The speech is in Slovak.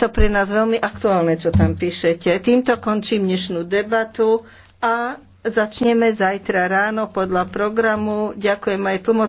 to pre nás veľmi aktuálne, čo tam píšete. Týmto končím dnešnú debatu a začneme zajtra ráno podľa programu. Ďakujem aj tlmočníkom.